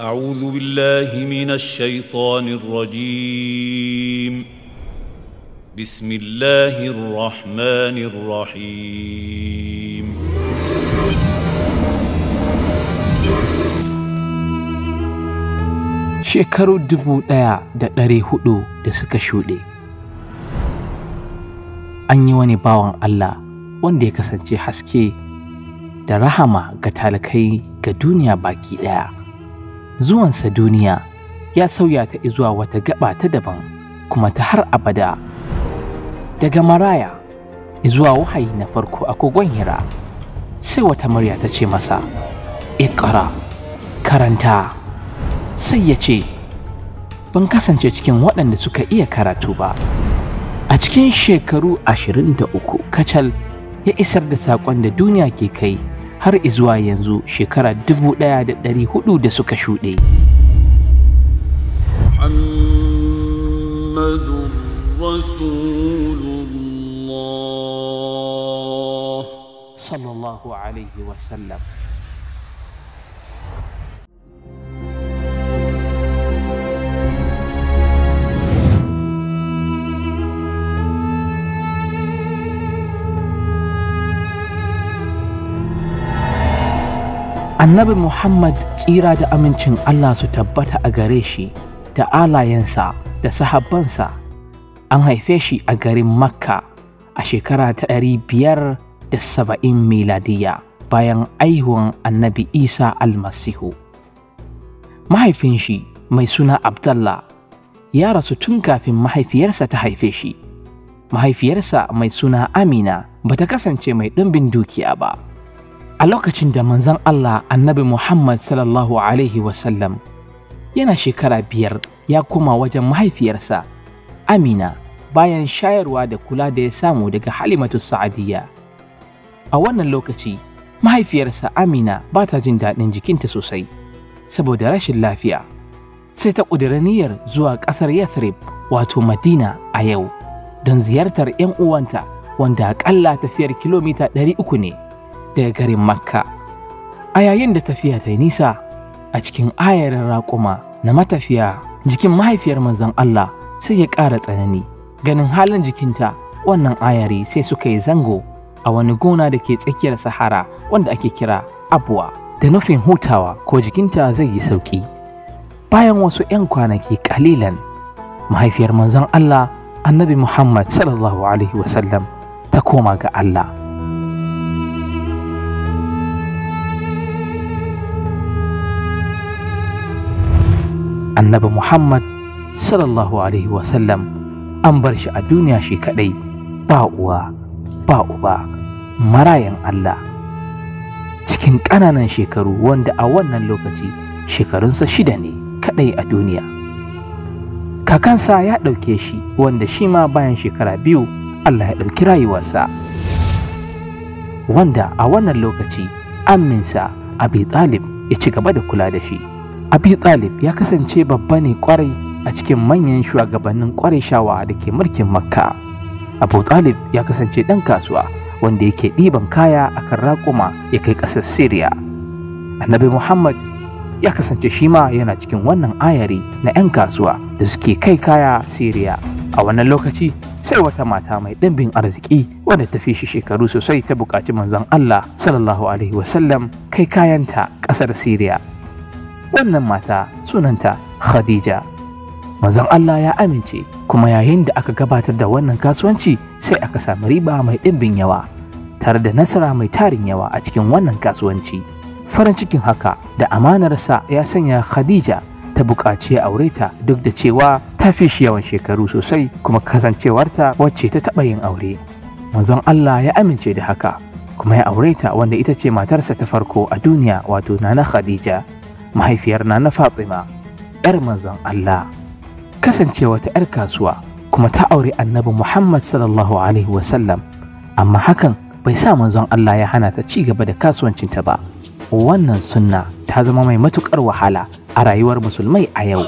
أعوذ بالله من الشيطان الرجيم بسم الله الرحمن الرحيم شكروا الدبو دايا داري هدو دا سكشو دي أني واني باوان الله وان ديكا سنجي حسكي دا رحمة غتالكي غدونيا باكي دايا Zuwan sa duniya ya sauya ta zuwa wata gaba ta daban kuma ta har abada daga maraya zuwa wahayi na farko a kogon hira sai wata murya ta ce masa ikara karanta sai ya ce ban kasance cikin waɗanda suka iya karatu ba a cikin shekaru 23 kacal ya isar da saƙon da duniya ke kai har izuwa yanzu shekara 1400 da suka shude sallallahu alaihi wasallam annabi muhammad tsira da amincin allah su tabbata a gare shi da alayensa da sahabbansa an haife shi a garin makka a shekara ta ɗari biyar da saba'in miladiya bayan aihuwan annabi isa almasihu mahaifin shi mai suna Abdullah ya rasu tun kafin mahaifiyarsa ta haife shi mahaifiyarsa mai suna amina bata kasance mai ɗumbin dukiya ba a lokacin da manzon Allah annabi Muhammad sallallahu Alaihi wasallam yana shekara biyar ya koma wajen mahaifiyarsa Amina bayan shayarwa da kula da ya samu daga Halimatu Sa'adiyya. A wannan lokaci mahaifiyarsa Amina ba ta jin daɗin jikinta sosai saboda rashin lafiya. Sai ta ƙudiri niyyar zuwa ƙasar Yathrib wato Madina a yau don ziyartar 'yan uwanta wanda aƙalla tafiyar kilomita 300 ne. daga garin Makka. A yayin da tafiya ta yi nisa a cikin ayarin raƙuma na matafiya jikin mahaifiyar manzon Allah sai ya ƙara tsanani ganin halin jikinta wannan ayari sai suka yi zango a wani gona da ke tsakiyar sahara wanda ake kira abuwa da nufin hutawa ko jikinta zai yi sauƙi bayan wasu 'yan kwanaki ƙalilan, mahaifiyar manzon Allah annabi Muhammad sallallahu alaihi wasallam ta koma ga Allah annabi muhammad sallallahu alaihi wasallam an bar shi a duniya shi kadai ba uwa ba uba marayan allah cikin ƙananan shekaru wanda a wannan lokaci shekarunsa shida ne kadai a duniya kakansa ya ɗauke shi wanda shi ma bayan shekara biyu allah ya ɗauki rayuwarsa wanda a wannan lokaci amminsa abi talib ya ci gaba da kula da shi abi talib ya kasance babba ne kwarai a cikin manyan shugabannin shawa da ke mulkin makka abu talib ya kasance ɗan kasuwa wanda yake ɗiban kaya a kan raƙuma ya kai ƙasar syria annabi muhammad ya kasance shi ma yana cikin wannan ayari na 'yan kasuwa da suke kai kaya syria a wannan lokaci sai wata mata mai ɗimbin arziki wanda ta fi shi shekaru sosai ta buƙaci manzon allah sallallahu alaihi wasallam kai kayanta ƙasar syria wannan mata sunanta khadija Mazan Allah ya amince kuma yayin da aka gabatar da wannan kasuwanci sai aka samu riba mai ɗimbin yawa tare da nasara mai tarin yawa a cikin wannan kasuwanci farin cikin haka da amanarsa ya sanya khadija ta buƙaci ya aure ta duk da cewa ta fi shi yawan shekaru sosai kuma kasancewarta wacce ta taɓa yin aure manzon Allah ya amince da haka kuma ya aure ta wanda ita ce matarsa ta farko a duniya wato nana khadija mahaifiyar na na Fatima, ‘yar manzon Allah, kasancewa ta ‘yar kasuwa kuma ta aure annabi Muhammad sallallahu Alaihi wasallam, amma hakan bai sa manzon Allah ya hana ta ci gaba da kasuwancinta ba. Wannan sunna ta zama mai matuƙar wahala a rayuwar musulmai a yau.